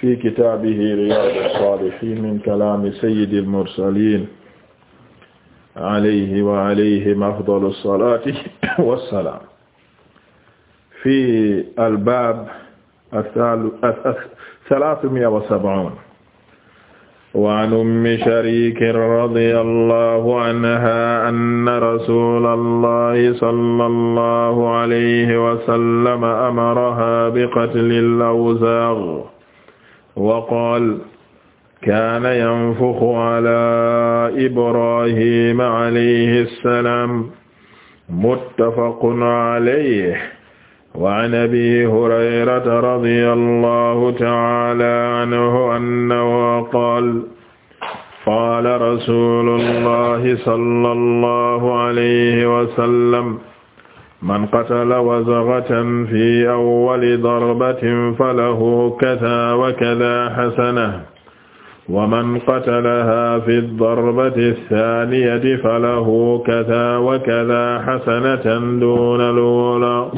fi kitaabihi Riyâdous-Sâlihîne min kalaami sayyidil mursaliin alayhi wa alayhim afdalu salaati wa salaam fi albaab ath-thalâthumi'a wa sab'ûn wa an ummi Shariik radiyallaahu anhaa anna rasuulallaahi sallallaahu alayhi wa sallam amarahaa bi qatlil awzaagh wa qaal kaana yanfuxu ala ibrahima alayhi salaam muttafaqun alayhi wa an abi hurayrata radiyallahu ta'ala anhu annahu qaal qaala rasuulullahi sallallahu alayhi wa sallam man qatala wazaghatan fi awwali darbatin falahu kadha wa kadha hasana wa man qatalaha fi darbati thaniyati falahu kadha wa kadha hasanatan duna al-ula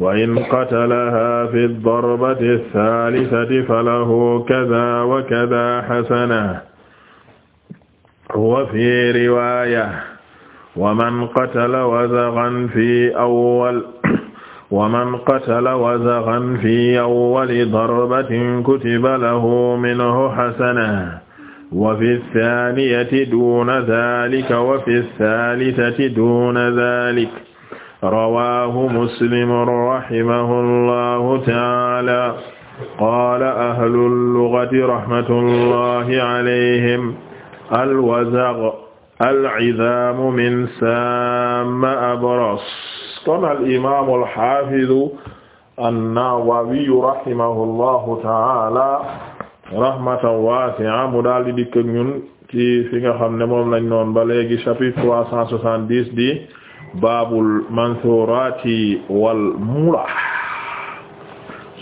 wa in qatalaha fi darbati thalithati falahu kadha wa kadha hasana wa fi riwaya wa man qatala wazaghan fi awwal wa man qatala wazaghan fi awwali darbatin kutiba lahu minhu hasana wa fi thaniyati duna dhalika wa fi thalithati duna dhalika rawaahu muslim rahimahullahu ta'ala qaala ahlul lughati rahmatullahi alayhim al wazagh al-'idhamu min samma abras kon al-imam al-hafiz an-Nawawi rahimahullahu ta'ala rahmatan wasi'a mu daal i dikk ak ñun fi nga xam ne moom lañ noon ba léegi chapitre trois cent soixante-dix di baabul mansurati wal mulah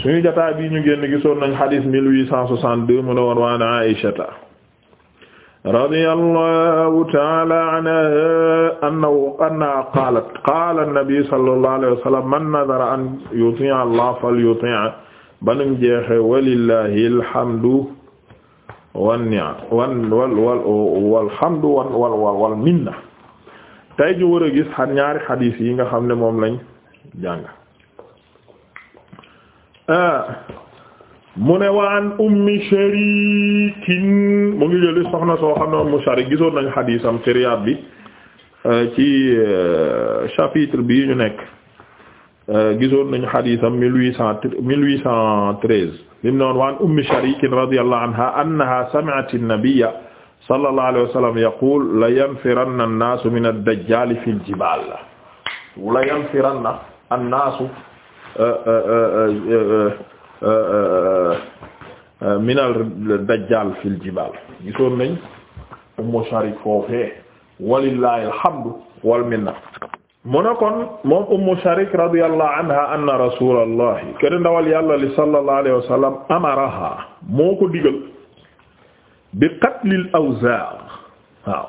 suñu jotaay bi ñu génn gisoon nañ hadith mille huit cent soixante-deux mu ne woon waan Aïshata radiyallahu ta'ala anha annahu annaha qaalat qaala an-nabi sallallahu alayhi wa sallam man nadara an yuti'a Allah falyuti'a banum jeexe walillahi alhamdu wan-ni'ma wan wal wal walhamdu wal wal wal minna tey ju war a gis xan ñaari xadiis yi nga xam ne moom lañ jàng mu ne wa an ummi sharikin mu ngi jëli soxna soo xam ne ummu sharik gisoon nañ xadiisam ci Riyaad bi euh, ci euh, chapitre bi ñu nekk euh, gisoon nañ xadiisam mille huit cent mille huit cent treize li mu ne woon wa an ummi sharikin radiyallahu anha annaha sami'at an-nabiyya sallallahu alayhi wa sallam yaqul la yanfiranna an-naasu min ad-dajjal fi al-jibal la yanfiranna an-naasu Euh, euh, euh, minal dajjal fil jibal gisoon nañ ummu sharik foofee walillahi alhamdu wal minna mu ne kon moom ummu sharik radiyallahu anha anna rasulallahi kene ndawal yàlla li sallallahu alayhi wa sallam amaraha moo ko digal bi qatlil awzaar waaw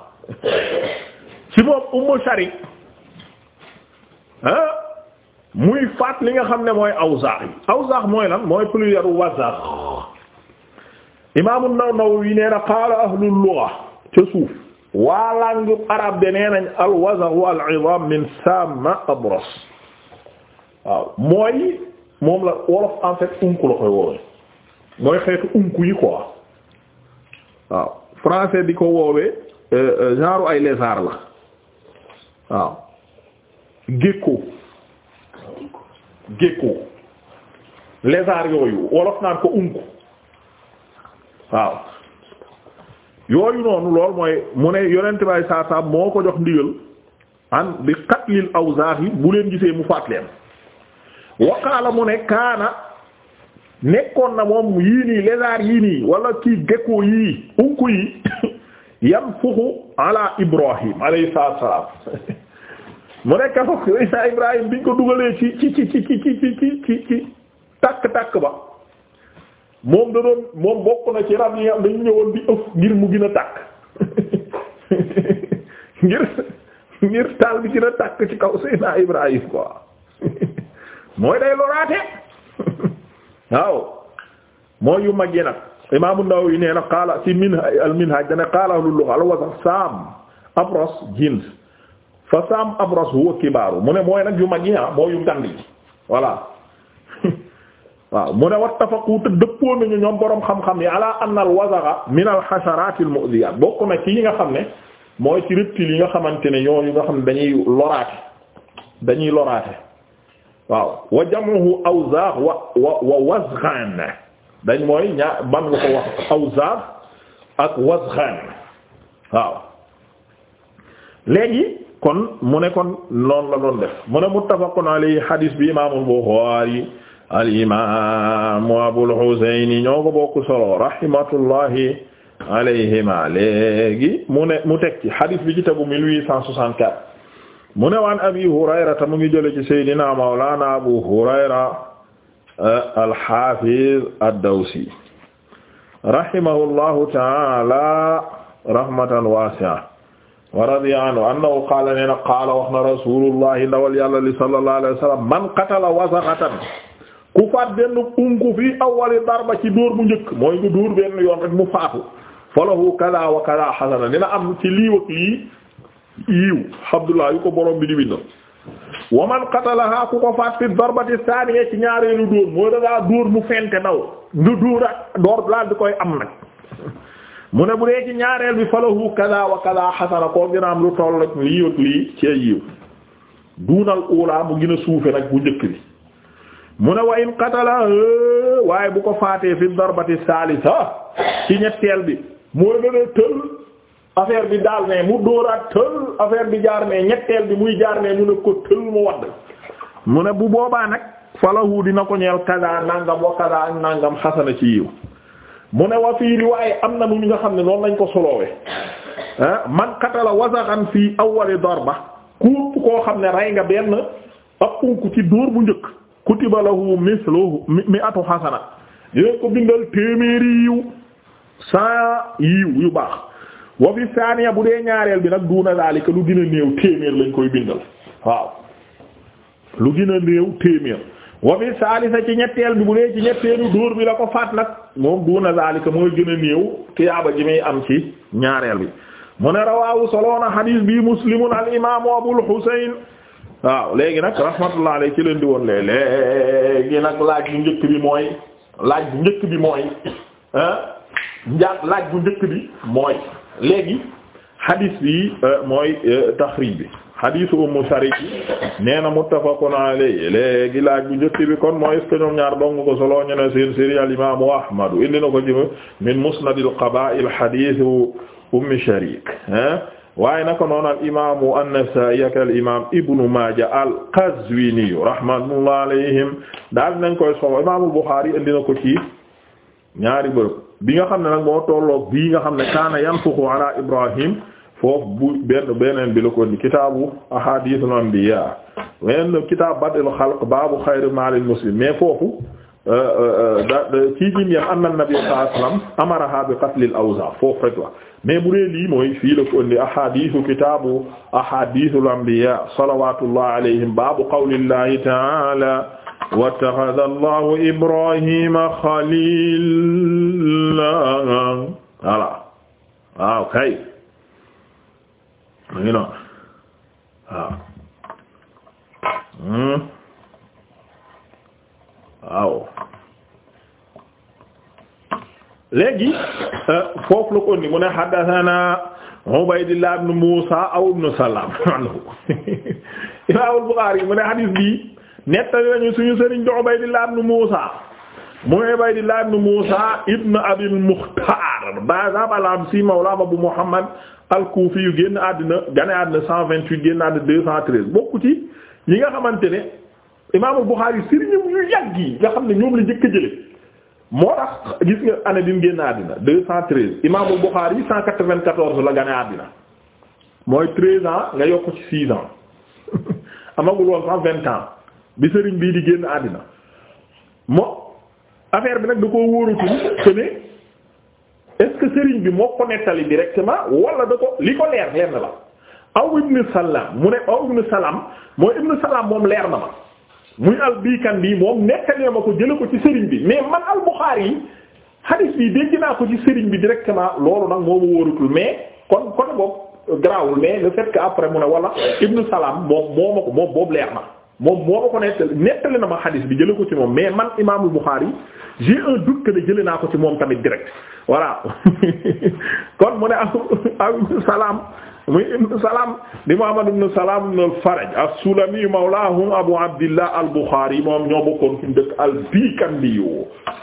ci moom ummu sharik ah muy faat li nga xam ne mooy awzaax yi awzaax mooy lan mooy pluriel wazaax imaamu Nawawi nee na qaala ahlul lugha ca suuf waa langue arabe de nee nañ al wazaax wal izaam min sama abras waaw mooy moom la wolof en fait la koy woowee mooy xeetu unku yi quoi waaw français di ko woowee euh, euh, genre ay lézard la waaw gecko gékkoo lézard yooyu wolof naan ko unku waaw yooyu noonu lool mooy mu ne yonent bay moo ko jox ndigal an bi qatlil awzaar yi bu leen gisee mu faat leen mu ne kaana nekkoon na moom yii nii lézard yii nii wala kii gékkoo yii unku yi yam fuxu ala ibrahim alayhi salaam mu nekk foofu Seydina Ibrahim biñ ko dugalee ci ci ci ci ci ci ci ci takk takk ba moom da moom bokk na ci rab yi dañu ñëwoon di ëpp ngir mu gën a taal bi gën a ci kaw Seydina Ibrahim quoi mooy day loraate waaw mooy yu mag yi nag Imaam An-Nawawi nee na qaala ci min al minhaj dana qaala ahlul lugha al saam abros jins fa saam abras huwa kibaaru mu ne mooy nag yu mag yi ah mooy yu ngand yi voilà waaw mu ne wattafaqu te dëppoo nañu ñoom boroom xam-xam yi ala anna al wazaga min al xasaraati al mu'diyaat bokk na ki yi nga xam ne mooy ci reptiles yi nga xamante ne ñooñu nga xam ne dañuy loraate dañuy loraate waaw wa jam'uhu awzaag wa wa wa wazghan dañ mooy ñaar ban nga ko wax awzaag ak wazghan waaw léegi kon mu ne kon loolu la doon def mu ne muttafaqun alayhi hadis bi imaamul Buxaari al imaamu Abul Husayni ñoo ko bokk solo rahimatullahi alayhima léegi mu ne mu teg ci hadis bi ci tegu 1864 mu Abi Hurayrata mu ngi jële ci Seydina Mawlana Abu Hurayra eh, al-Hafiz ad-Dawsi rahimahullahu ta'ala rahmatan wasi'a wa radiya anhu annahu qaala nee na qaala wax na rasulullahi ndawal yàlla li sallallahu alayhi man qatala wasaxatan ku faat benn unku fii awwali darba ci dóor bu njëkk mooy bu dóor benn yoon rek mu faatu falahu kada wa kada xasana dina am ci lii ak lii yiiw Abdullah yu ko borom bi di bindal wa man qatalaha ku ko faat fi darbati thaniya ci ñaareelu dóor mooy da dóor mu fente daw nga dóor ak door daal di koy am nag mu ne bu dee ci ñaareel bi falahu kada wa kada xasana koo gën a am lu toll rek lii yiw duunal uulaa mu gën a suufe nag bu njëkk bi mu ne wa in qatala waaye bu ko faatee fi darbati salisa ci ñetteel bi moo gën a mu dóoraat bi jaar ñetteel bi muy jaar ne ñu ne ko tël mu wadd mu ne bu boobaa nag falahu dina ko ñeel kada nangam wa kada ak nangam xasana ci yiw mu ne waa fii riwaaya am na nu ñu nga xam ne noonu lañ ko soloowe ah man qatala wazaxan fii awwali darba ku koo xam ne rey nga benn ab unk ci dóor bu njëkk kutiba lahu misluhu mi'atu hasana dinañ ko bindal téeméeri yiw cent yiw yu baax wa saaniya bu dee ñaareel bi nag duna zalika lu gën a néew téeméer lañ koy bindal waaw lu gën a néew téeméer wa fi ci ñetteel bi bu dee ci ñetteelu dóor bi la ko faat nag moom duuna zalika mooy gën a néew tiyaaba ji muy am ci ñaareel bi mu ne rawaawu soloona xadiis bi muslimun al imaamu abul xuseyn waaw léegi nag rahmatullah ci leen di woon lee léegi nag laaj bu njëkk bi mooy laaj bu njëkk bi mooy ah njaat laaj bu njëkk bi mooy léegi hadith bi euh, mooy euh, taxrij bi hadith Ummu Sharik nee na muttafaqun alayhi léegi laaj bu njëkk bi kon mooy est ñaar dong ko solo ñu ne al imaamu Ahmad na ko ci min musnad al qabaa'il hadith Ummu Sharik waaye naka noonu al imaamu an-Nasaa'i ak al imaam Ibnu Maaja al-Qazwiini rahmatullahi alayhim daal nañ koy solo imaamul Buxaari indi na ko ci ñaari bi nga xam ne nag moo tolloog bii nga xam ne kaana yanfuxu ala Ibrahim foofu bu benn beneen bi la ko indi kitaabu ahadithul anbiya wenn kitaab badil xalq baabu xayri maalil muslim mais foofu euh, euh, ci jim yam anna nabi sallallahu alayhi wasallam amaraha bi qatlil awza foofu rek la mais bu dee lii mooy fii la ko indi ahadithu kitaabu ahadithul anbiya salawatullah alayhim baabu qawlillahi ta'ala wattakhadha allahu ibrahima xalila voilà waaw kay mu ngi noonu waaw hmm. waaw léegi euh, foofu la ko ni mu ne haddathana Ubaydillah ibn Musa aw ibn Salam anhu Imam al mu ne hadis bi nettali nañu suñu sëriñ di Ubaydillah ibn Musa mu Ubaydillah ibn Musa ibn Abu Muhammad al yu génn àddina gane àddina 128 génn àddina 213 bokku ci yi nga xamante ne Imaamu Buxaari sëriñam yu yàgg yi nga xam ne ñoom la jëkk a jëlee moo tax gis nga année bi mu génn àddina 213 Imaamu Buxaari 194 la gane àddina mooy 13 ans nga yokk ci 6 ans amagul woon sax 20 ans bi sëriñ bii di génn àddina moo affaire bi nag da koo wóorutul que ne. sëriñ bi moo ko nettali directement wala da ko li ko leer leer na la aw ibnu salaam mu ne aw ibnu salaam mooy ibnu salaam moom leer na ma muy albikan bi moom nettalee ma ko jële ko ci sëriñ bi mais man al-Bukhari yi hadith bi dégg naa ko ci sëriñ bi directement loolu nag moo ma wóorutul mais kon kon boobu grawul mais le fait après mu ne wala ibnu salaam moom moo ma ko moom boobu leer na moom moo ma ko nettali nettali na ma xadis bi jële ko ci moom mais man imaamul Buxaari j'ai un doute que ne jële naa ko ci moom tamit direct voilà kon mu ne am am salaam muy ibn salaam di Muhammad ibn salaam ibn al-Faraj as-Sulami mawlaahum Abu Abdillah al-Bukhari moom ñoo bokkoon fi mu dëkk al-Bikandi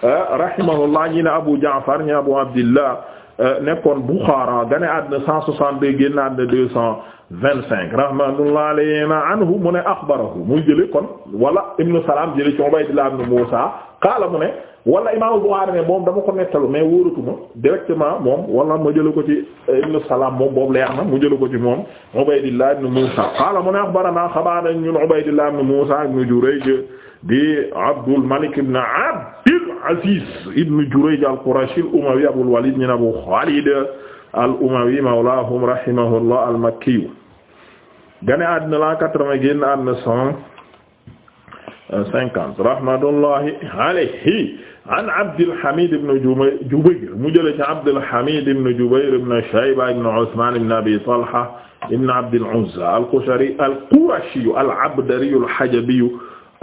eh, rahimahullah ñi ne Abu Jaafar ñi Abu Abdillah Euh, nekkoon Bukhara gane àddina 162 génn àddina 225 rahmatullah alayhi anhu mu ne akhbarahu muy jële kon wala ibnu Salam jële ci Ubaydillah ibn Musa qaala mu ne wala imaamu Bukhari ne moom dama ko nettalu mais wóoratuma directement moom wala ma jële ko ci ibnu Salam moom boobu leer na mu jële ko ci moom Ubaydillah ibn Musa qaala mu ne akhbarana xabaar ñun Ubaydillah ibn Musa ibn Jurayj di Abdul Malik ibn Abdul Aziz ibn Jurayj al-Qurashi al-Umawi Abul Walid ibn Abu Khalid al-Umawi mawlahum rahimahullah al-Makki gane àddina la 80 génn àddina 150 rahmatullahi alayhi an Abdul Hamid ibn Jubayr mu jële ci Abdul Hamid ibn Jubayr ibn Shayba ibn Usman ibn Abi Talha ibn Abdul Uzza al-Qushari al-Qurashi al-Abdari al-Hajabi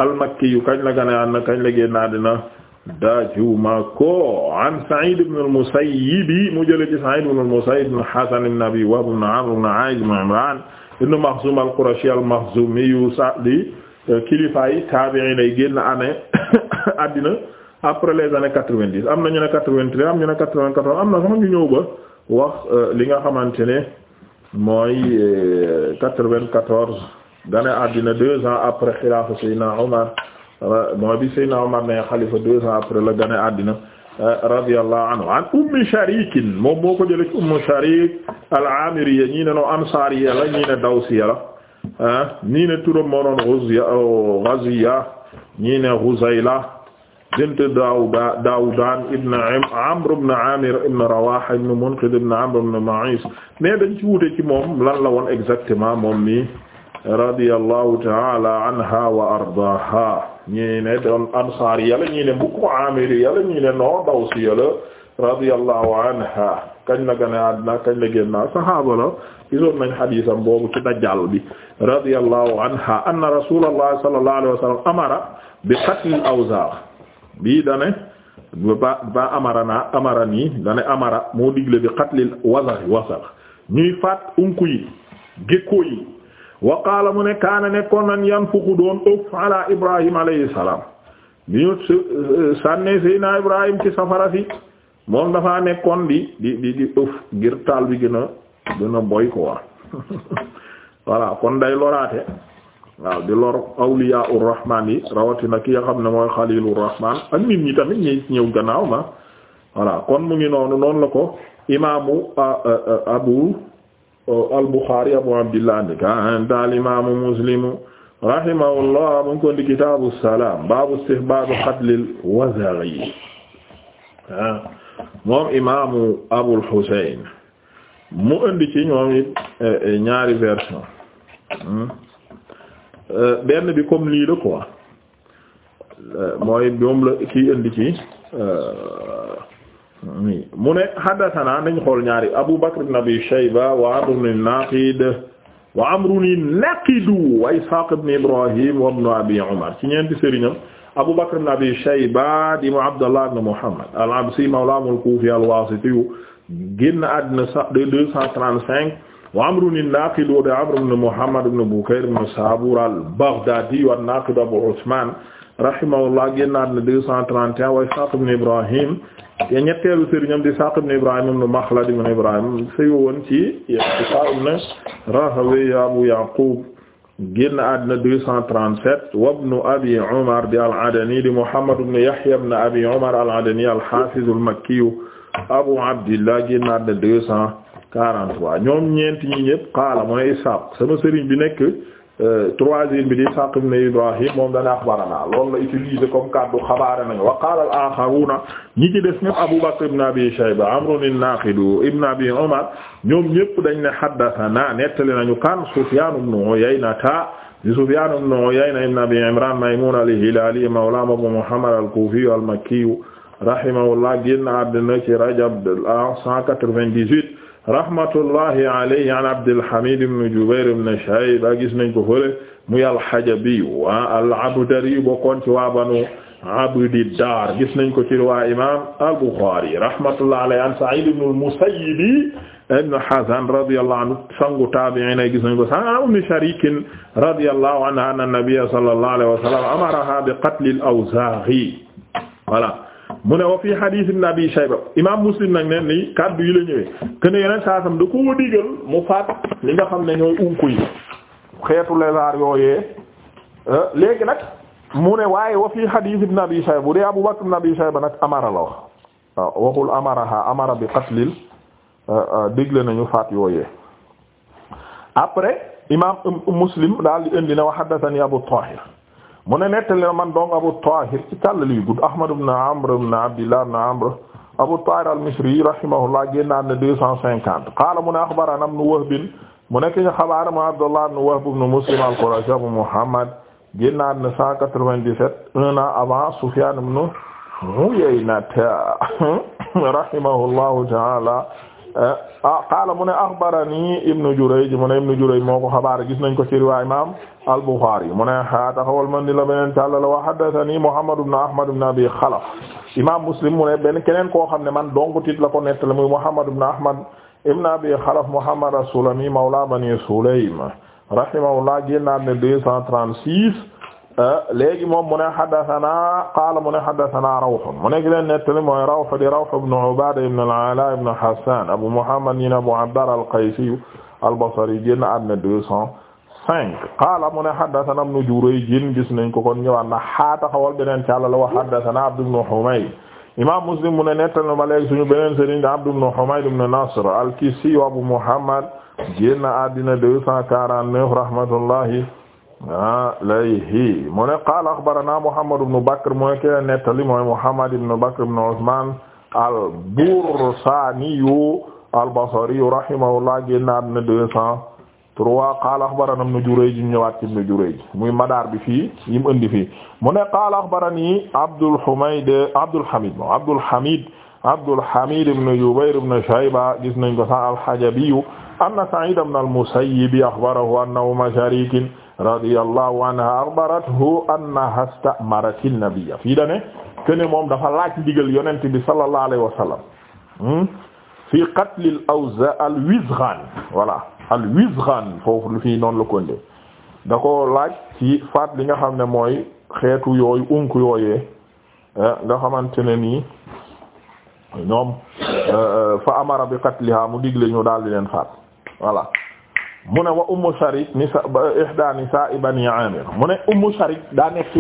al-Makki yu kañ la gane àddina kañ la génn àddina daajuma ko an Sa'id ibn al-Musayyib mu jële ci Sa'id ibn al-Musayyib ibn Hasan ibn Abi Wahb ibn Amr ibn Aasim ibn Imraan al-Qurashi al-Maxzumi yu sahli eh, kilifaay taabi'iin lay génn année àddina après les années quatre-vingt-dix am na ñu ne quatre-vingt-treize am ñu ne quatre vingt am na sax ñu ñëw ba wax eh, li nga xamante ne mooy eh, quatre-vingt-quatorze gane àddina deux ans après xilaafa Seydina Omar mooy bi Seydina Omar ne xalifa deux ans après la gane àddina radiyallahu anhu an ummi sharikin moom moo ko jëlee ci ummu sharik al-amiriya ñii ne ansariya la ñii ne dawsiya la ah, ñii ne turam moo doon Ghuzya Ghaziya ñii ne Ghuzayla bint Daawuda Daawudan ibn Amr ibn Amir ibn Rawaha ibn Munqidh ibn Amr ibn Ma'is mais dañ ci wute ci moom lan la woon exactement moom nii radiyallahu ta'ala anha wa ardaaha ñii doon ansaar yàlla ñii ne amiri yàlla ñii ne noo daw anha kañ la gane àddina kañ la génna sahaaba la gisoon nañ boobu ci dajjal bi radiyallahu anha anna rasuulullahi sallallahu alayhi wa amara bi qatl al-awzaar dane ba amara naa dane amara moo digle bi qatl al-wazar wasar faat unku yi gékkoo yi wa qaala mu ne kaana nekkoon nan yan fuku doon ëf ala ibrahim alayhi salaam bi ñu sànne seyna ibrahim ci safara si moom dafa nekkoon di di di di ëf ngir taal bi gën a gën boy ko war voilà kon day loraate waaw di lor awliya urrahman yi rawatina ki nga xam ne mooy xalilu rahman ak nit ñi tamit ñëw gannaaw ma voilà kon mu ngi noonu noonu la ko imaamu abu al-Bukhari Abu Abdillah ndi kanta al-Imaamu Muslimu rahimahullah mu ngi ko ndi salaam baabu istihbaabu qatlil wazaghi ah moom imaamu Abul Husayn mu indi ci ñoom it eh, eh, ñaari version hmm? eh, benn bi comme lii la quoi mooy moom la kii indi ci. mu ne haddathana nañ xool ñaari Abu Bakr ibn Abi Shayba wa Amr an-Naqid wa Amr an-Naqid wa Ishaq ibn Ibrahim wa ibn Abi Umar ci ñeenti sëriñam Abu Bakr ibn Abi Shayba di mu Abdullah ibn Muhammad al-Absi mawlahum al-Kufi al-Wasiti génn àddina deux cent trente-cinq wa Amr an-Naqid wa Amr ibn Muhammad ibn Bukayr ibn Sabur al-Baghdadi wa an-Naqid Abu Uthman rahimahullah génn àddina deux cent trente et un wa Ishaq ibn Ibrahim te ñetteelu sëriñam di Isaaq ibn Ibrahim ibn Makhlad ibn Ibrahim sëyu woon ci Isaaq ibn Abu Yaqub génn àddina 237 wabnu abi Umar di al-Adani di Muhammad ibn Yahya ibn abi Umar al-Adani al-Hafiz al-Makki Abu Abdillah génn àddina 243 ñoom ñeenti ñi ñëpp qaala mooy Isaaq sama sëriñ bi nekk Euh, troisième bi di Ishaq ibn Ibrahim moom dana axbarana loolu la utiliser comme kaddu xabaare nañu wa al-aaxaruuna ñi des ñëpp Abu Bakr ibn Abi Shayba Amrun an-Naaqid ibn Abi Umar ñoom ñëpp dañ ne haddathanaa nettali nañu kan Sufyaan ibn Uyayna di Sufyaan ibn Uyayna ibn Abi Imraan Maymuun al-Hilaali mawlaa Abu Muhammad al-Kuufi al-Makki rahimahullah génn àddina ci rahmatullahi alayhi an Abdulhamid ibn Jubayr ibn Shayba gis nañ ko fële muy al-Hajabi wa al-Abdari bokkoon ci waa Banu Abdi Daar gis nañ ko ci waa imaam al-Bukhari rahmatullahi alayhi an Sa'id ibn al-Musayyib ibn Hazan radiyallahu anhu sangu taabi'iin gis nañ ko sa Umm Sharik radiyallahu anha anna nabiyya sallallahu alayhi wa sallam amaraha bi qatli al-Awzaa'i voilà mu ne wa fii hadith ibn abi shayba imaam muslim nag ne ni kaddu yi la ñëwee kene yeneen saa sam da koo digal mu faat li nga xam ne ñooy unku yi xeetu lézard yooyee léegi nag mu ne waaye wa fii hadith ibn abi shayba bu dee abu bakr ibn abi shayba nag amara la wax waaw waxul amaraha amara bi qatlil digle nañu faat yooyee après imaam muslim daal di indi na wa abu tahir mu ne nettali na man donc Abu Tahir ci tallal yu gudd Ahmad ibn Amr ibn Abdillah ibn Amr Abu Tahir al-Misri rahimahullah génnaat na deux cent cinquante qaala mu ne axbarana ibn mu nekk ci xabaar ma Abdullah ibn Wahb ibn Muslim al-Qurashi Abu Muhammad génnaat na cent quatre-vingt-dix-sept un an avant ta'ala ah qaala mu ne axbarani ibnu Jurayj mu ne ibnu Jurayj moo ko xabaar gis nañ ko ci riwaaya imaam al-Buxaari mu ne ha taxawal man ni la beneen tàllala wa haddathani Muhammad ibn Ahmad ibn Abi Xalaf imaam Muslim mu ne benn keneen koo xam ne man donc tit la ko nettali muy Muhammad ibn Ahmad ibn Abi Xalaf Muhammad as-Sulami mawla Bani Sulaym rahimahullah génnaat ne deux cent trente-six Euh, léegi moom mu ne haddathana qaala mu ne haddathana Rawh mu ne ki leen nettali mooy Rawh di Rawh ibn Ubaada ibn al-Alaa ibn Hassaan Abu Muhammad ibn Abu Abdar al-Qaysi al-Basri génn àddina deux cent cinq qaala mu ne haddathana Ibn Jurayj gis nañ ko kon ñëwaat na xaata xawal beneen càlla la wax haddathana Abd ibn Humayd imaam Muslim mu ne nettali ma léegi suñu beneen sëriñ Abd ibn Humayd ibn Nasr al-Kissi Abu Muhammad génn àddina deux cent quarante-neuf rahmatullahi alayhi mu ne qaala axbarana Muhammad ibn Bakr mooy kenn nettali mooy Muhammad ibn Bakr ibn Usman al-Bursaniyu al-Basriyu rahimahullah génnaat na deux cent trois qaala axbarana ibn Jurayj ñëwaat ci ibn Jurayj muy madaar bi fii yi mu indi fii mu ne qaala axbarani Abdul Humayd Abdul Hamid moom Abdul Hamid Abdul Hamid ibn Jubayr ibn Shayba gis nañ ko sax al-Hajabiyu anna Sa'id ibn al-Musayyib axbarahu annahu ma sharikin radiyallahu anha akhbarathu annaha ista'marat an-nabiyya fii dane kene moom dafa laaj ndigal yonent bi sallallahu alayhi wa sallam hmm? fii qatl al-awza al al-wizghan foofu lu fii noonu la konde da ko laaj ci faat li nga xam ne mooy xeetu yooyu unk yooyee eh, nga xamante ne nii ñoom eh, eh, fa amara bi qatliha mu digle ñu daal di leen faat voilà mu ne wa ummu sharik nisa ihda nisaa bani amir mu ne sharik daa nekk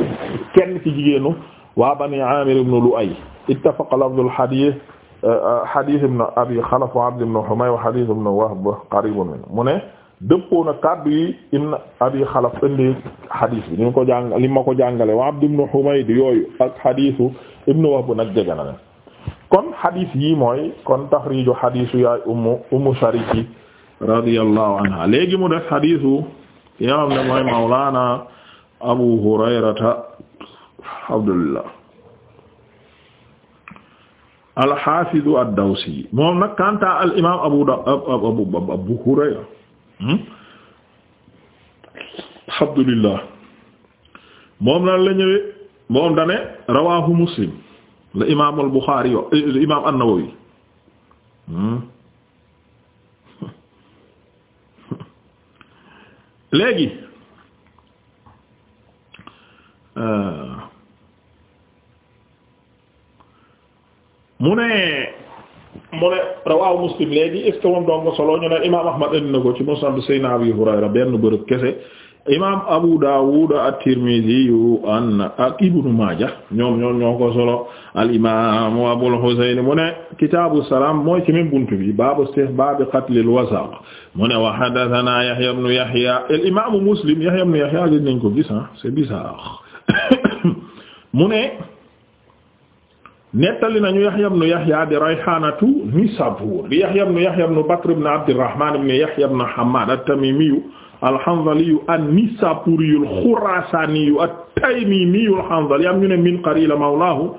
kenn ci jigéenu waa bani amir ibn lu'ay ittafaqa lafdul hadith euh, hadith abi xalaf wa abd ibn humay wa hadith ibn wahb qaribun min mu ne dëppoo na kàddu yi ibn abi xalaf indi hadith bi ko jàng ma ko jàngale wa abd ibn humay di yooyu ak hadithu ibn wahb nag jege na kon hadith yi mooy kon taxriiju hadithu yaay ummu ummu sharik yi radiyallahu anha léegi def xadiisu ki nga ne mooy mawlaana abu hurayrata alhamdulillah alxaafidu ad moom nag kanta al imaam abu da hmm? alhamdulillah moom lan la moom dane rawaahu muslim la imaam al buxaari yo imaam an-nawawi hmm? léegi euh, mu ne mu ne rawaaw muslim léegi est ce que moom doon nga solo ñu ne imaam Ahmad indi na ko ci musnad Seydina Abi Hurayra benn bërëb kese imaam Abu Dawud at-Tirmidhi an ak Ibnu Maaja ñoom ñoom ñoo ko solo al imaam Abul Husayn mu ne kitaabu salaam mooy ci même buntu bi baabu istihbaab qatl al-wasaq mu ne wa haddathanaa Yahya ibnu Yahya al imaam Muslim Yahya ibnu Yahya gis nañ ko gis ah c'est bizarre mu ne nettali nañu Yahya ibn Yahya di rayhanatu Nisabur di Yahya ibn Yahya ibn Bakr ibn Abdirrahman ibn Yahya ibn Hammad at-Tamimiyu al-Hanzaliyu an-Nisaburiyu al-Khurasaniyu at-Taymimiyu al-Hanzali am ñu ne min Qarila mawlahu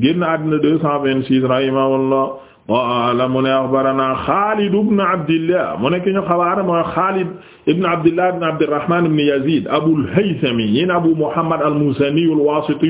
génn àddina 226 rahimahullah wala mu ne akhbarana Khalid ibn Abdillah mu ne ki ñu xabaar mooy Khalid ibn Abdillah ibn Abdirrahman ibn Yazid Abul Haythami yin Abu Muhammad al-Muzani al-Wasiti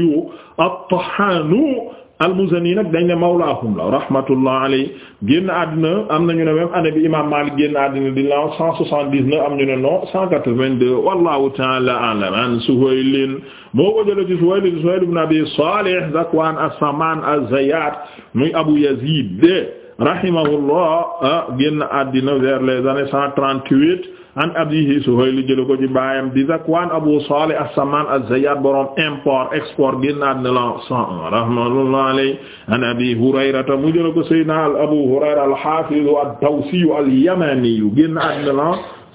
at-Tahhani al-Muzani nag dañ ne mawlaahum la rahmatullah alayhi génn àddina am na ñu ne même année bi imaam Maalik génn àddina di la 179 am ñu ne non 182 wallahu ta'ala a'lam an Suhayl moo ko jëlee ci Suhayl Suhayl ibn Abi Salih Zakwan as-Saman az-Zayyat muy Abu Yazid rahimahullah ah, génn àddina vers les années 138 an abihi Suhayl jële ko ci baayam di Zakwaan Abu Salih as-Samman az-Zayyat borom import export génnaat ne la cent un rahmatullah alayhi an Abi Hurayrata mu jële ko Sayyidina Abu Hurayra al-Hafiz ad-Dawsi al-Yamani génnaat ne la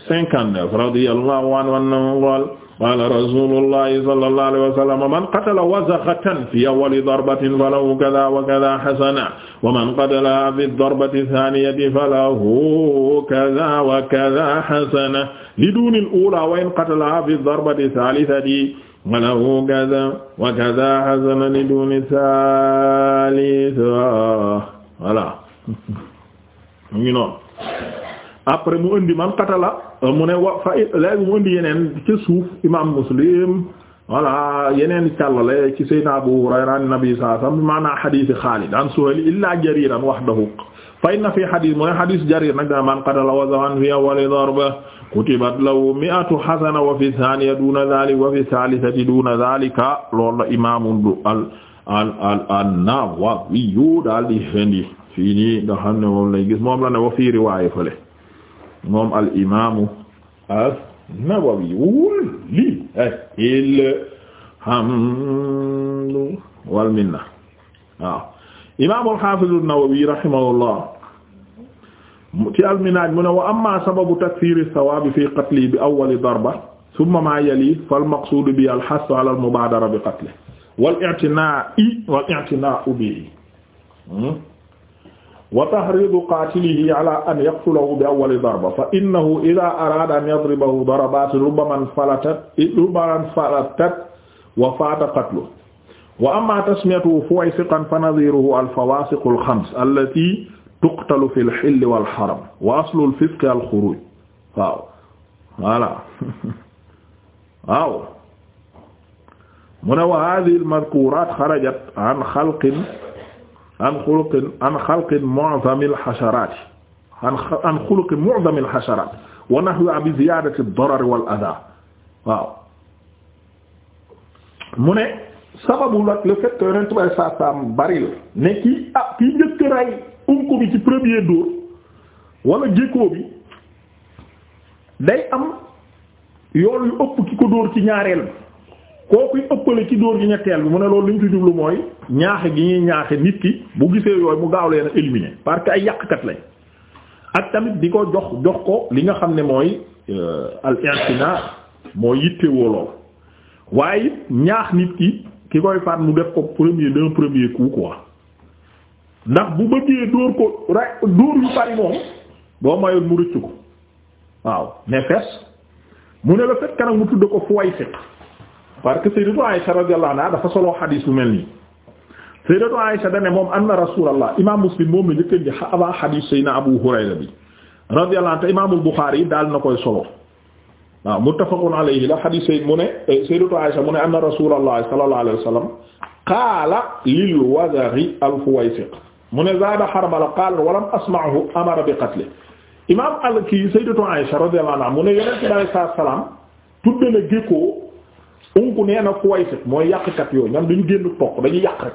59 radiyallahu anhu annahu qaala qaala rasuulullahi sallallahu alayhi wa sallam man qatala wazaghatan fi awwali darbatin falahu kadhaa wa kadhaa hasana wa man qatalahaa fi darbati thaaniyati falahu kadhaa wa kadhaa hasana liduuni al-uulaa wa in qatalahaa fi darbati thaalisati falahu kadhaa wa kadhaa hasana liduuni thaalitha voilà après mu indi man qatala euh, mu ne wa fa léegi mu indi yeneen ci suuf imam muslim voilà yeneen càllale ci sayyidina abu hurayra an nabi sallallahu alayhi wasallam maanaa hadith xaalid an suhayl illa jariran wahdahu fa inna fi hadith mooy hadith jarir nag daa man qatala wazan fi awwal darba kutibat lahu mi'atu hasana wa fi thaniya duna dhalika wa fi thalithati duna dhalika loolu la imaamu al al al an-Nawawi daal di xëndi fii nii nga xam ne moom lay gis moom la ne wa fi riwaaya fële moom al imaamu an-Nawawi lii eh, il hamdu wal minna waaw imaamul xaafizu an-Nawawi rahimahullah ci al-Minhaj mu ne wa amma sababu takthiri ath-thawaabi fi qatlihi bi awwali darba thumma ma yali fal-maqsuudu bihi al-hassu ala al-mubaadara bi qatlihi wal-i'tinaa'i wal-i'tinaa'u bihi hmm? wa tahriidu qaatilihi ala an yaqtulahu bi awwali darba fa innahu idaa araada an yadribahu darabaatin rubbaman falatat rubbaman falatat wa faata qatluhu wa ammaa tasmiyatuhu fuwaysiqan fa nadiiruhu al-fawaasiqu al-xams allatii tuqtalu fil hilli wal haram wa aslul fisqi al-xuruuj waaw voilà waaw mu ne wa haazihil mazkuuraat xarajat an xalqin an xuluqin an xalqin mu'zamil xasaraat an xuluqin mu'zamil xasaraat wa nahwihaa bi ziyaadati ad-darar wal adaa waaw mu ne sababu nag le fait que yonent bi sallallahu alayhi wa sallam bari la ne kii ah kii njëkk a rey unku bi ci premier dóor wala jékkoo bi day am yool yu ëpp ki ko dóor ci ñaareel bi kookuy ëppale ci dóor gi ñetteel bi mu ne loolu li ñu ci jublu mooy ñaaxe gi ñuy ñaaxe nit ki bu gisee yooyu mu gaaw leen a éliminer parce que ay yàqkat lañ ak tamit di ko jox jox ko li nga xam ne mooy euh, al intina mooy yittewoo lool waaye ñaax nit ki ki koy faat mu def ko premier d'un premier coup quoi ndax bu bëggee dóor ko rek dóor yu bari moom boo mayoon mu rëcc ko waaw mais fees mu ne la fekk kanam mu tudd ko fu way fiq parce que sayyidatu Aisha radiyallahu anha dafa solo xadiis bu mel nii sayyidatu Aisha dane moom anna rasulullah imaam Muslim moom la njëkk di avant xadiis sayyidina Abu Hurayra bi radiyallahu anhu te imaamul Buxaari yi daal na koy solo waaw muttafaqun la xadiis say mu ne eh, sayyidatu Aisha mu ne anna rasulullah wa sallam qaala lil Wazari al-Fuwaysiq mu ne zaada Harmala qaala wa lam asma'hu amara bi qatlihi imaam al kii sayyidatu Aisha radiyallahu anha mu ne yonent bi alayhi salaam tudde na gékkoo unku nee na kuwaysit mooy yàqkat yooyu ñoom dañu génn toq dañu yàq rek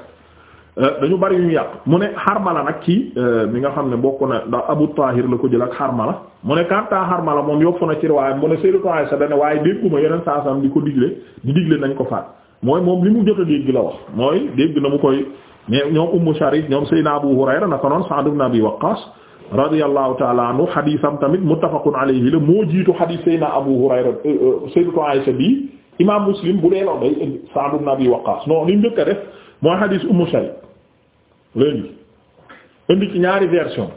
euh, dañu bari ñu yàq mu ne xarmala nag ci euh, mi nga xam ne bokk na ndax Abu Tahir la ko jël ak xarmala mu ne kantaa xarmala moom yokku na ci riwaayam mu ne Sayyidatu Aisha dane waaye dégguma yeneen saasam di ko digle di digle nañ ko faat mooy moom li mu jot a dégg la wax mooy dégg na mu koy mais ñoom Ummu Sharik ñoom Sayyidina Abu Hurayra naka noonu Sa'd ibn Abi Waqqas radiyallahu ta'ala anhu xadiisam tamit muttafaqun alayhi la moo jiitu xadiis Sayyidina Abu Hurayra euh, Sayyidatu Aisha bi imaam muslim bu dee loolu day indi Sa'd ibn Abi Waqqas non li mu njëkk a def mooy hadis Umm Shay léegi indi ci ñaari version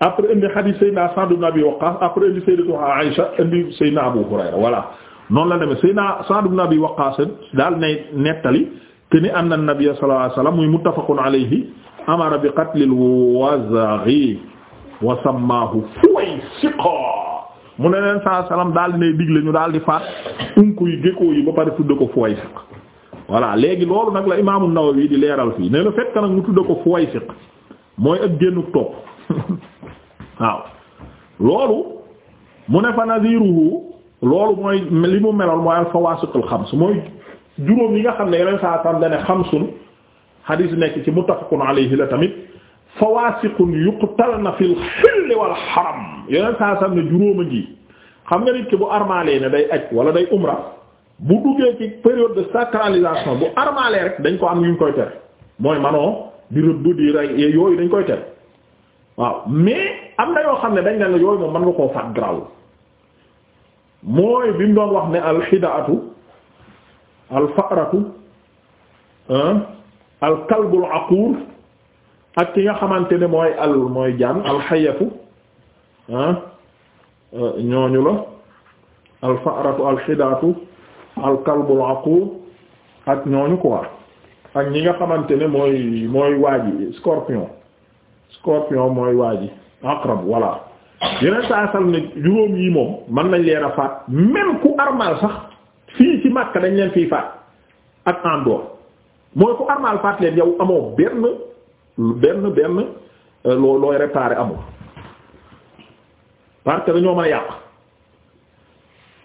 après indi hadis Seydina Sa'd ibn Abi Waqqas après indi Sayyidatu Aïsha indi Seydina Abu Hurayra voilà noonu la demee Seydina Sa'd ibn Abi Waqqas daal nay nettali te ni anna Nabiyya sallallahu alayhi wa sallam muy muttafaqun alayhi amara bi qatlil wazaghi wa sammaahu fuwaysiqa mu ne leen saa salaam daal di nay digle ñu daal di faat unku yi gékkoo yi ba pare tudd ko Fuwaysiq voilà léegi loolu nag la imaamu Nawawi di leeral fii ne la fekk nag mu tudd ko Fuwaysiq mooy ak génnu topp waaw loolu mu ne fa naziruhu loolu mooy li mu meloon mooy al fawaasiqul xams mooy juróom yi nga xam ne yeneen saa salaam dane xamsun xadiis nekk ci muttafaqun alayhi la tamit fawaasiqun yuqtalna fil hilli wal haram yeneen saa sam ne juróom a ngi xam nga nit ki bu armaalee ne day aj wala day umra bu duggee ci période bu armaalee dañ ko am yuñ koy tere mooy manoo di rëbb di rey yooyu dañ koy tere waaw mais am na yoo xam ne dañ ne la yooyu moom mën nga koo faat graw mooy bi mu doon wax ne alxidaatu alfaaratu alkalbul aquur ak ki nga xamante ne mooy al mooy jaan alxayatu Ah, eh, ñooñu la alfaaratu alxidaatu alkalbul aqur ak ñooñu quoi ak ñi nga xamante ne mooy mooy waaji scorpion scorpion mooy waaji aqrab voilà yeneen saa sal ne juróom yi moom mën nañ leen a faat même ku armal sax fii ci Makka dañ leen fii faat ak en mooy ku armal faat leen yow amoo benn benn benn eh, loo looy réparer amul parce que dañoo mën a yàq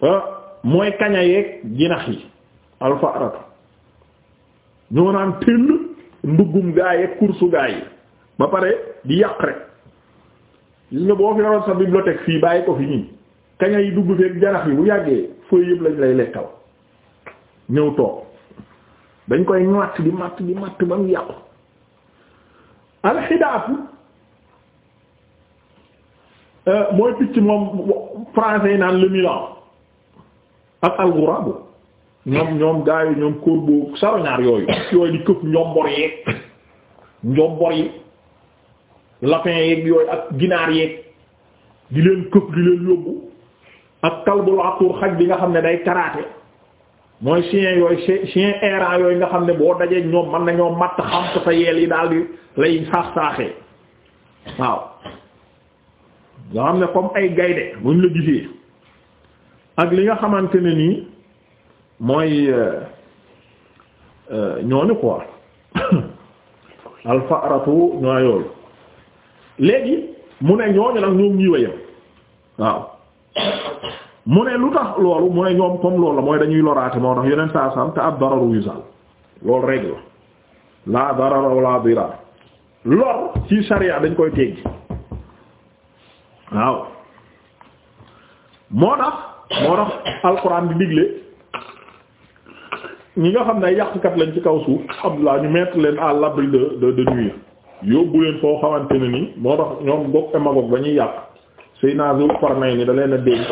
ah, mooy kaña yeeg jinax yi alfaaratu ñoo naan tëll nduggum gaa yeeg kursu gaa yi ba pare di yàq rek li nga boo fi yoroon sa bibliothèque fii bàyyi ko fi ñii kaña yi dugg feek janax yi bu yàggee fooy yëpp lañ lay lekkal ñëw toog dañ koy matt di màtt di màtt ba mu yàqu alxidaatu Euh, mooy picc moom français yi naan le milan ak alxuraabu ñoom ñoom gaayu ñoom corbeau saroñaar yooyu yooyu di këpp njombor yeeg njombor yi lapin yeeg yooyu ak ginaar yeeg di leen këpp di leen yóbbu ak kalbul xaj bi nga xam ne day karaate mooy chien yooyu chien errant yooyu nga xam ne boo dajee ñoom mën nañoo matt xam sa yeel yi daal di lay saax saaxee waaw nga xam ne comme ay gaynde buñ la gisee ak li nga xamante ne nii mooy euh, euh, ñooñu quoi alfaaratu ñoo yoolu léegi mu ne ñooñu nag ñoom ñuy wéyam waaw mu ne lu tax loolu mu ne ñoom comme loolu la mooy dañuy loraate moo tax yeneen saa sam te ab dararu wisal loolu règle la darara wala dirar lor ci sharia dañ koy teggi waaw moo tax moo tax alxuraan bi digle ñi nga xam ne ay yàqkat lañ ci kaw suuf abdullah ñu mettre leen à l'abri de de de nuire yóbbu leen foo xamante ne nii moo tax ñoom Gog et Magog ba ñuy yàq suy naa Zul Qarnayni da leen a dénk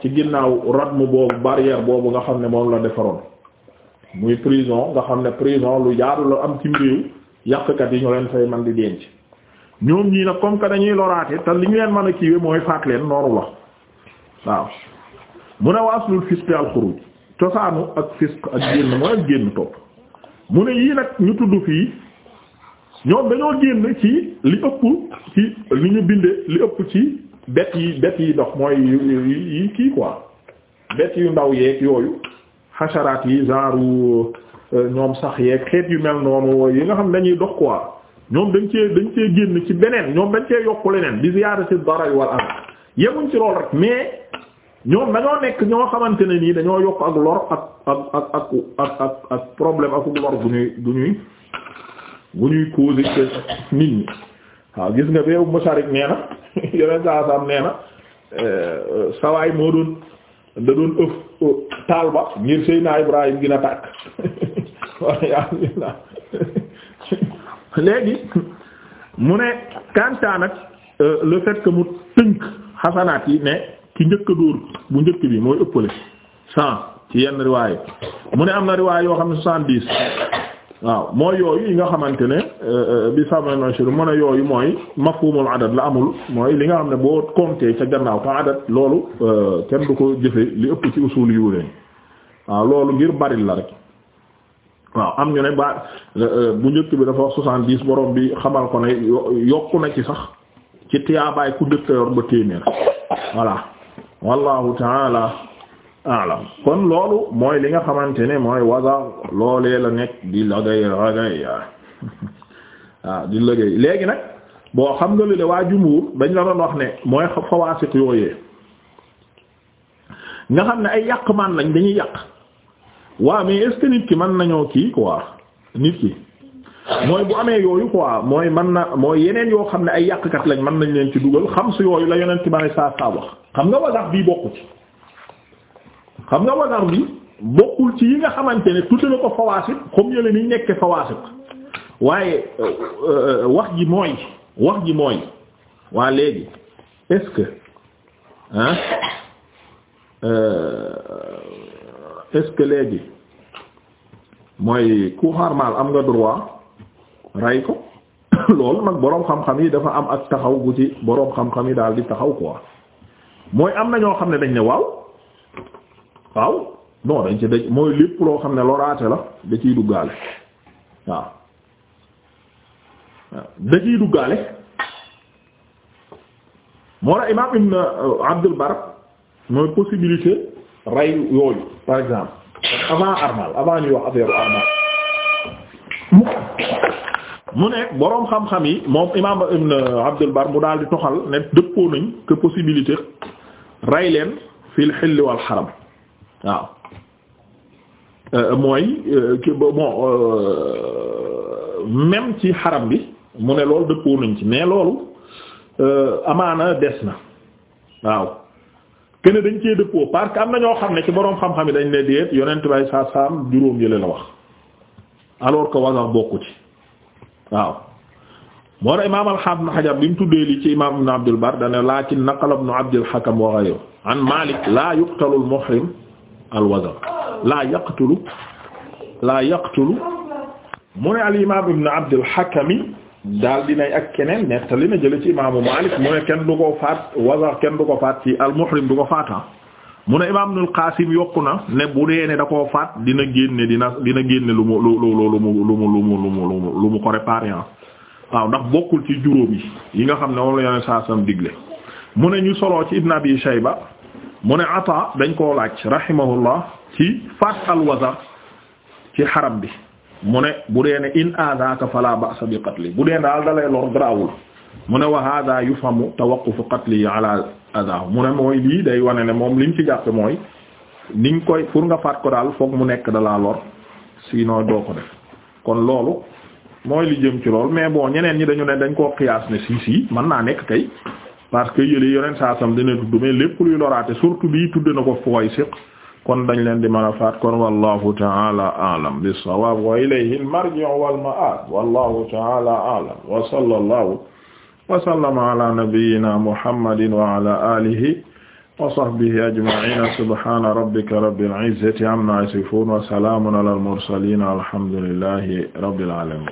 ci ginnaaw radmu boobu barrière boobu nga xam ne moom la defaroon muy prison nga xam ne prison lu jaaru am ci réew yi ñu leen fay man di denc. ñoom ñii nag comme que dañuy loraate te li ñu leen mën a kiiwe mooy faat leen nooru wax waaw mu ne waaslul fisqi al cosaanu ak fisq ak génn mooy ak génn topp mu ne yii nag ñu tudd fii ñoom dañoo génn ci li ëpp ci li ñu binde li ëpp ci bet yi bett yi dox mooy yi kii quoi bet yu ndaw yeeg yooyu xasaraat yi genre euh, ñoom sax yeeg xeet yu mel noonu yi nga xam dañuy dox quoi ñoom dañ cee dañ cee génn ci beneen ñoom dañ cee yokk leneen di ziyaada ci dara wal am yemuñ ci lool rek mais ñoom dañoo nekk ñoo xamante ne nii dañoo yokk ak lor ak ak ak ak problème ak lor bu ñuy bu ñuy bu ñuy causer nit ñi waaw gis nga beewu musarik nee na yeneen saa saam nee euh, sawaay moo doon da doon ëf euh, taal ba ngir Seydina Ibrahim gën a tàkk léegi mu ne kantaa nag euh, le fait que mu tënk xasanaat yi ne ki njëkk a dóor bu njëkk bi mooy ëppale cent ci yenn riwaay mu ne am na riwaay yoo xam ne soixante-dix waaw mooy yooyu yi nga xamante ne euh, euh, bi samanachir mu ne yooyu mooy mafhumul adad la amul mooy li nga xam ne boo compter ca gannaaw te adad loolu kenn du ko jëfe li ëpp ci usul yu waaw loolu ngir bari la rek waaw am ñu ne ba euh, bu njëkk bi dafa wax soixante-dix borom bi xamal ko ne yokku na ci sax ci tiyaabaay ku dëkk yor ba téeméer voilà wallahu taala kon loolu mooy li nga xamante ne mooy waga loolee la nekk di lagay lagay waaw di lagay léegi nag boo xam nga lu waa jumhur dañ la doon wax ne mooy fawaasik yooyee nga xam ne ay yàq maan lañ dañuy yàq waa mais est nit ki mën nañoo kii quoi nit ki mooy bu amee yooyu quoi mooy man na mooy yeneen yoo xam ne ay yàqkat lañ mën nañ leen ci dugal xam su yooyu la yonent ma ne saa saa wax xam nga wasax bii bokku xam nga wasax bi bokkul ci yi nga xamante ne tuuti na ko fawaasit comme yële ni nekke fawaasit waaye euh, euh, wax ji mooy wax ji mooy waa léegi est-ce que euh, est-ce que léegi mooy ku xarmaal am nga droit rey ko loolu nag boroom xam-xam yi dafa am ak taxaw gu ci boroom xam-xam yi daal di taxaw quoi mooy am na ñoo xam ne dañ ne waaw waaw non dañ ci dañ mooy lépp loo xam ne loraate la da ciy duggaale waaw waaw duggaale moo la imaam ibn Abdul Bar mooy possibilité rey yooyu par exemple avant armal avant ñuy wax affaire mu ne boroom xam-xam yi moom imaam ibn Abdul Bar mu daal di toxal ne dëppoo nañ que possibilité ray leen fil xill wal xaram waaw euh, mooy euh, bon euh, même ci xaram bi mu ne loolu dëppoo nañ ci mais loolu amaana des na waaw kene dañ cee dëppoo parce am na ñoo xam ne ci boroom xam-xam yi dañ ne déet yonent bay saa saam juróom yële la wax alors que wasaf bokku ci waaw moo na imam alxaam na xajar bi mu tuddee li ci imam ibn abdul bar dane lakin naqala ibn abdul hakam wa ghayru an malik la yuqtalu al muhrim al wasaf la yaqtulu la yaqtulu mu ne al imam ibn abdul hakami daal dinay ak keneen li na jële ci imaamu Maalik mu ne kenn du ko faat wazar kenn du ko faat ci almuhrim du ko faata mu ne imaam Ibnul Qaasim yokku na ne bu dee ne da koo faat dina génne dina dina génne lu mu lu lu lu lu mu lu mu lu mu lu mu ko réparé ah. waaw ndax bokkul ci juróom yi yi nga xam ne moom la yeneen saa sam digle mu ne ñu soloo ci Ibn Abi Shayba mu ne Ataa dañ koo laaj rahimahullah ci faat al wazar ci xaram bi. mu ne bu dee ne in aadaaka fala ba'sa bi qatli bu dee daal dalay lor garaawul mu ne wax wa hada yufhamu tawaqqufu yi ala adaahu mu ne mooy lii day wane ne moom liñ ci jàppe mooy niñ koy pour nga faat ko daal foog mu nekk dalaa lor sinon doo ko def kon loolu mooy li jëm ci lool mais boo ñeneen ñi dañu ne dañ koo xiyaas ne si si mën naa nekk kay parce que yële yeneen saa sam dina tudd mais lépp luy loraate surtout bii tudd na ko fooy siq kon dañ leen di mën a faat kon wallahu ta'ala a'lam bis-sawab wa ilayhi al-marji'u wal ma'ab wallahu ta'ala a'lam wa sallallahu wa sallama ala nabiyyina muhammadin wa ala alihi wa sahbihi ajma'ina subhana rabbika rabbil izzati amma yasifun wa salamun ala al-mursalin alhamdulillahi rabbil alamin